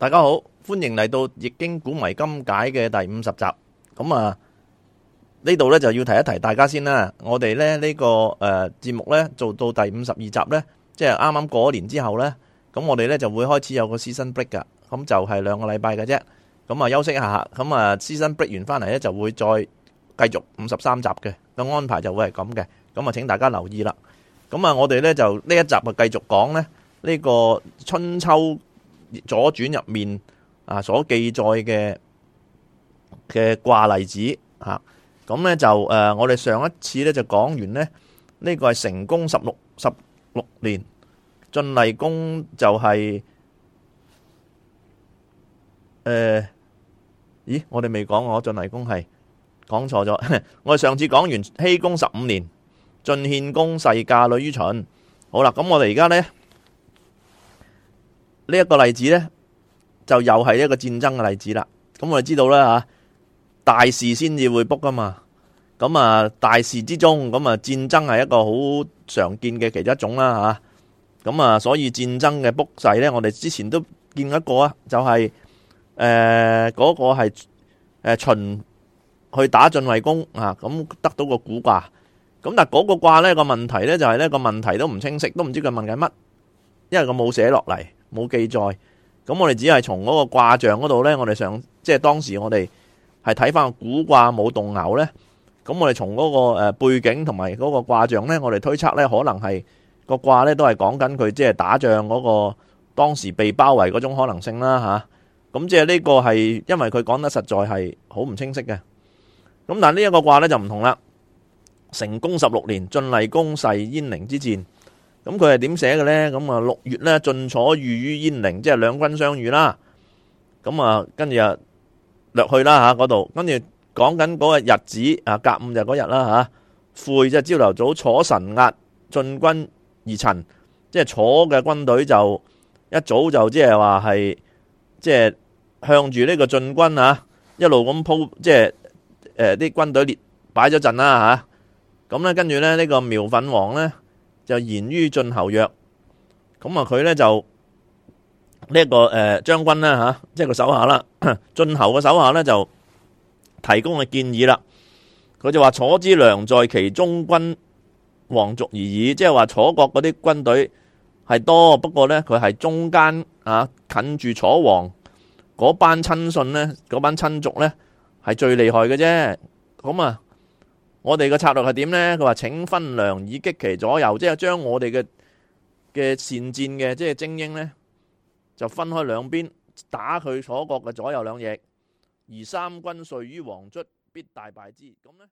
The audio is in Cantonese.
大家好，歡迎嚟到《易經古謎今解》嘅第五十集。咁啊，呢度呢就要提一提大家先啦。我哋呢呢個誒節目呢，做到第五十二集呢，即係啱啱過年之後呢，咁我哋呢就會開始有個 season break 噶，咁就係兩個禮拜嘅啫。咁啊休息一下，咁啊 season break 完翻嚟呢，就會再繼續五十三集嘅個安排就會係咁嘅。咁啊請大家留意啦。咁啊我哋呢就呢一集啊繼續講呢呢個春秋。左傳入面啊，所記載嘅嘅卦例子吓，咁呢就，呃，我哋上一次呢就講完呢，呢個係成公十六、十六年，晉厲公就係，呃，咦，我哋未講我晉厲公係講錯咗 我哋上次講完僖公十五年，晉獻公筮嫁女於秦。好啦，咁我哋而家呢。呢一個例子咧，就又係一個戰爭嘅例子啦。咁我哋知道啦，吓，大事先至會卜㗎嘛。咁啊，大事之中，咁啊，戰爭係一個好常見嘅其中一種啦，吓咁啊。所以戰爭嘅卜筮咧，我哋之前都見過一個啊，就係誒嗰個係誒秦去打晉惠公啊，咁得到個蠱卦。咁但係嗰個卦咧個問題咧就係咧個問題都唔清晰，都唔知佢問緊乜，因為佢冇寫落嚟。冇記載，咁我哋只係從嗰個卦象嗰度呢，我哋想即係當時我哋係睇翻個古卦冇動牛呢。咁我哋從嗰個背景同埋嗰個卦象呢，我哋推測呢，可能係、這個卦呢都係講緊佢即係打仗嗰個當時被包圍嗰種可能性啦吓，咁即係呢個係因為佢講得實在係好唔清晰嘅，咁但係呢一個卦呢，就唔同啦，成公十六年，晉厲公筮鄢陵之戰。咁佢係點寫嘅咧？咁啊六月咧，晉楚遇于鄢陵，即係兩軍相遇啦。咁啊，跟住啊，略去啦吓嗰度。跟住講緊嗰個日子啊，甲午就嗰日啦吓。晦即係朝頭早，楚神壓晉軍而陳，即係楚嘅軍隊就一早就即係話係即係向住呢個晉軍啊，一路咁鋪即係誒啲軍隊列擺咗陣啦吓。咁咧跟住咧呢個苗粉王咧。就言於晉侯曰：咁、這個呃、啊，佢咧就呢一個誒將軍咧吓，即係個手下啦。晉侯嘅手下咧就提供嘅建議啦。佢就話楚之良在其中軍王族而已，即係話楚國嗰啲軍隊係多，不過咧佢係中間啊近住楚王嗰班親信咧，嗰班親族咧係最厲害嘅啫。咁啊。我哋嘅策略係點呢？佢話請分良以擊其左右，即係將我哋嘅嘅善戰嘅即係精英呢，就分開兩邊打佢楚國嘅左右兩翼，而三軍遂於王卒，必大敗之。咁呢？